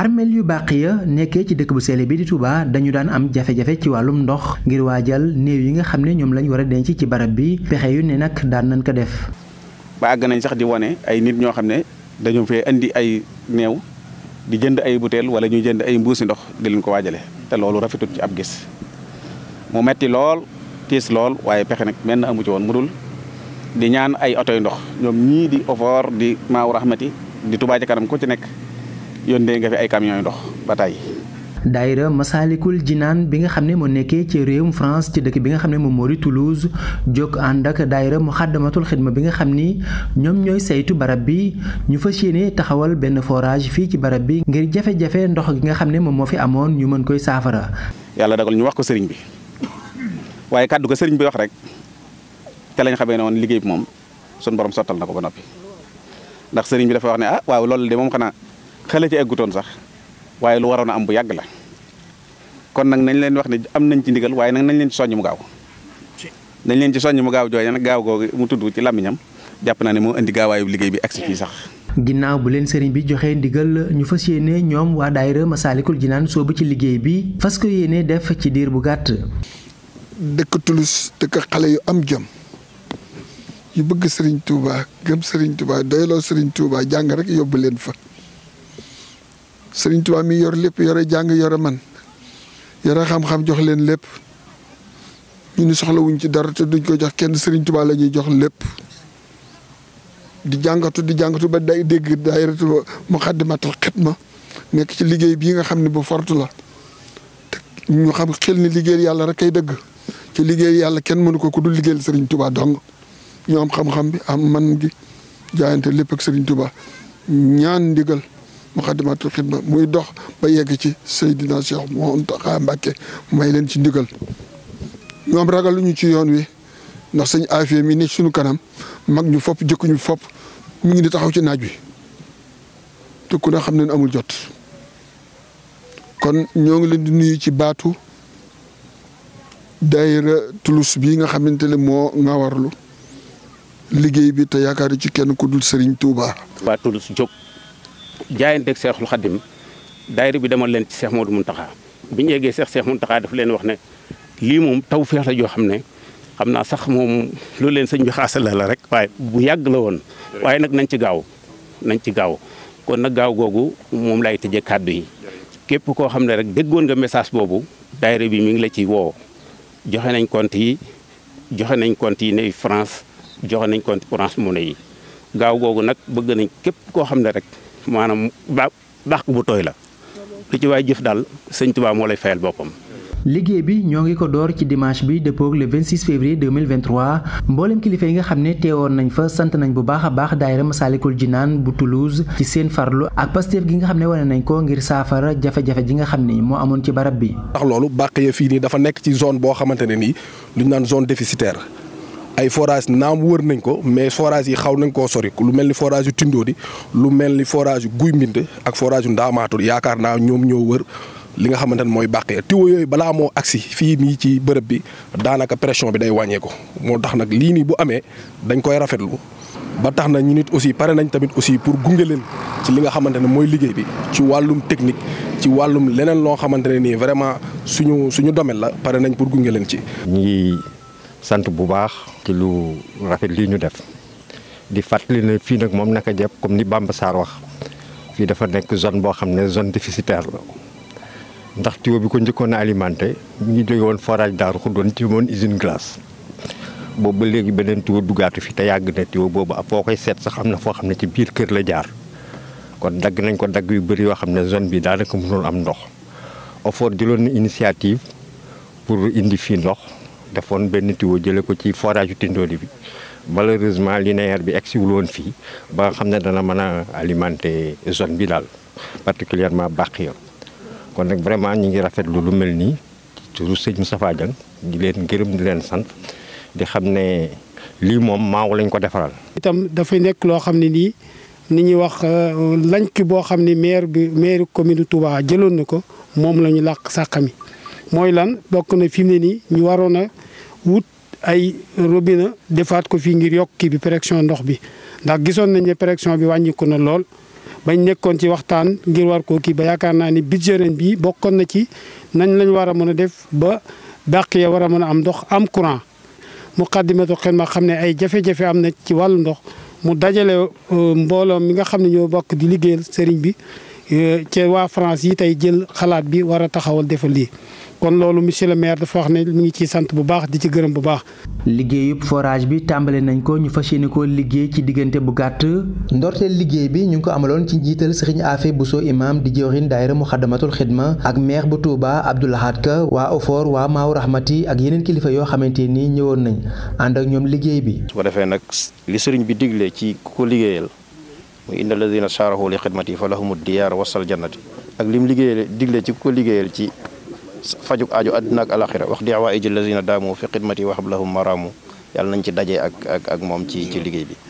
armeel yu ya nekkee ci dëkk bu seele bi di Touba dañu daan am jafe-jafe ci wàllum ndox ngir waajal néew yi nga xam ne ñoom lañu war a denc ci barab bi pexe yu ne nag daan nañ ko def. ba àgg nañ sax di wane ay nit ñoo xam ne dañu fee indi ay néew di jënd ay butéel wala ñuy jënd ay mbuusi ndox di ko waajale te loolu rafetut ci ab gis mu metti lool tiis lool waaye pexe nag benn amu ci woon mu dul di ñaan ay oto ndox ñoom ñii di ofoor di maaw rahmati di Touba ca kanam ku ci nekk. yónnee nga fi ay camions ndox ba tey. daayira Masaalikul Jinaan bi nga xam ne moo nekkee ci réewum France ci dëkk bi nga xam ne moom moo di Toulouse jóg ànd ak daayira mu xàddamatul xidma bi nga xam ni ñoom ñooy saytu barab bi ñu fas yéene taxawal benn forage fii ci barab bi ngir jafe-jafe ndox gi nga xam ne moom moo fi amoon ñu mën koy saafara. yàlla dagal ñu wax ko sëriñ bi waaye kàddu ko sëriñ bi wax rek te lañ xamee ne woon liggéey bi moom sunu borom sottal na ko ba noppi ndax sëriñ bi dafa wax ne ah waaw loolu de moom xanaa. xale ci eggutoon sax waaye lu waroon a am bu yàgg la kon nag nañ leen wax ne am nañ ci ndigal waaye nag nañ leen ci soññ mu gaaw nañ leen ci soññ mu gaaw jooju gaaw googu mu tudd ci làmmiñam jàpp naa ne moo indi gaawaayu liggéey bi agsi fii sax. ginnaaw bu leen sëriñ bi joxee ndigal ñu fas yéene ñoom waa daayira Masaalikul Jinaan soobu ci liggéey bi fas ko yéene def ci diir bu gàtt. dëkk Toulouse dëkk xale yu am jom yu bëgg sëriñ Touba gëm sëriñ Touba doyloo sëriñ Touba rek yóbbu leen fa. sëriñ Tuubaa mi yor lépp yore jàng yore man yore xam-xam jox leen lépp ñu ni soxlawuñ ci dara te duñ ko jox kenn sëriñ tubaa la ñuy jox lépp di jàngatu di jàngatu ba day dégg daayiratu Muxaddamatul ma nekk ci liggéey bii nga xam ne bu fortu la ñu xam xel ni liggéeyal yàlla rek kay dëgg ci liggéey yàlla kenn mënu ko ku dul liggéeyal sëriñ tubaa dong ñu am xam-xam bi am man gi jaayante lépp ak sëriñ Tuubaa ñaan ndigal Moukhaddamatoul Khidma muy dox ba yegg ci moo Cheikh Mountakha Mbacké may leen ci ndigal ñoom ragal lu ci yoon wi ndax sëñ affaire mi ne suñu kanam mag ñu fopp jëkku ñu fopp mu ngi di taxaw ci naaj wi te ku ne xam ne amul jot kon ñoo ngi leen di nuyu ci baatu daayira Toulouse bi nga xamante ne moo nga warlu liggéey bi te yaakaar ci kenn ku dul Serigne Touba. waa Toulouse jóg jaayanteeg seexul xadim daayira bi demal leen ci seex Moodu Muntaxa bi ñu yeggee seex seex Muntaxa daf leen wax ne lii moom taw feex la joo xam ne xam naa sax moom loolu leen sëñ bi xaasala la rek waaye bu yàgg la woon waaye nag nañ ci gaaw nañ ci gaaw kon nag gaaw googu moom lay tëjee kàddu yi képp koo xam ne rek déggoon nga message boobu daayira bi mi ngi la ci woo joxe nañ compte yi joxe nañ compte yi ne France joxe nañ compte Orange Money yi gaaw googu nag bëgg nañ képp koo xam ne rek maanaam ba bàq bu tooy la lu ci waay jëf daal sëñ Tuubaa moo lay fayal boppam. liggéey bi ñoo ngi ko door ci dimanche bi dëppoog le 26 février 2023 mboolem kilifa yi nga xam ne teewoon nañ fa sant nañ bu baax a baax daayira Masaalikul Jinaan bu Toulouse ci seen farlu ak Pastef gi nga xam ne wane nañ ko ngir saafara jafe-jafe ji nga xam ni moo amoon ci barab bi. ndax loolu bàq ya fii dafa nekk ci zone boo xamante ne nii lu ñu naan zone déficitaire. ay forage naam wër nañ ko mais forage yi xaw nañ koo sori lu mel ni forage yu di lu mel ni forage yu Guy Mbind ak forage yu Ndaamaatul yaakaar naa ñoom ñoo wër li nga xamante ne mooy bàqee tiwo yooyu balaa moo agsi fii nii ci bërëb bi daanaka pression bi day wàññeeku moo tax nag lii nii bu amee dañ koy rafetlu ba tax nañ ñu nit aussi pare nañ tamit aussi pour gunge leen ci li nga xamante ne mooy liggéey bi ci wàllum technique ci wàllum leneen loo xamante ne nii vraiment suñu suñu domaine la pare nañ pour gunge leen ci. ñu sant bu baax. ci lu rafet lii ñu def di fàttali ne fii nag moom naka jëpp comme ni Bamba Sarr wax fii dafa nekk zone boo xam ne zone déficitaire la ndax tuyau bi ko njëkkoon a alimenté mu ngi jóge woon forage Daaru Xuddoon ci woon usine glace boobu ba léegi beneen tuyau duggaatu fi te yàgg na tuyau boobu ak foo koy seet sax am na foo xam ne ci biir kër la jaar kon dagg nañ ko dagg yu bëri yoo xam ne zone bi daanaka mënul am ndox OFOR jëloon na initiative pour indi fii ndox. defoon benn tuyau jëlee ko ci forage Tindodi bi malheureusement linéaire bi egsiwul woon fii ba xam ne dana mën a alimenter zone bi daal particulièrement Bakhio kon nag vraiment ñu ngi rafetlu lu mel nii turu sëñ Moustapha Dieng di leen gërëm di leen sant di xam ne lii moom maaw lañ ko defaral. itam dafay nekk loo xam ne nii ni ñuy wax euh, lank boo xam ne maire bi maire commune Touba jëloon na ko moom la ñu làq sàqami mooy lan bokk na fi mu ne nii ñu waroon a wut ay robine defaat ko fii ngir yokk kii bi pression ndox bi ndax gisoon nañ ne pression bi wàññiku na lool. bañ nekkoon ci waxtaan ngir war koo kii ba yaakaar naa ni budget ren bi bokkoon na ci nañ lañ war a mën a def ba dàq ya war a mën a am ndox am courant Moukhaddamatoul Khidma xam ne ay jafe am na ci wàllu ndox mu dajale euh, mbooloo mi nga xam ne ñoo bokk di liggéeyal sëriñ bi euh, ci waa France yi tey jël xalaat bi war a taxawal defal lii. kon loolu monsieur le maire dafa wax ne mu ngi ciy sant bu baax di ci gërëm bu baax. liggéeyub forage bi tàmbale nañ ko ñu fas yéene ko liggéey ci diggante bu gàtt. ndorteel liggéey bi ñu ngi ko amaloon ci njiital sëriñ Afe Bousso imam di jëwrin daayira Muxaddamatul Xidma ak maire bu Touba Abdoul Ahad Ka waa Ofor waa Maaw Rahmati ak yeneen kilifa yoo xamante ni ñëwoon nañ ànd ak ñoom liggéey bi. su ko defee nag li sëriñ bi digle ci ko liggéeyal muy inna alladina saarahu li xidmati fa lahumu diyaar wasal jannati ak lim liggéeyal digle ci ko liggéeyal ci fajuk aajo àddina ak alaxira wax di awaa ijil lazina daamu fi xidmati waxab lahum maraamu yàlla nañ ci daje ak ak ak moom ci ci liggéey bi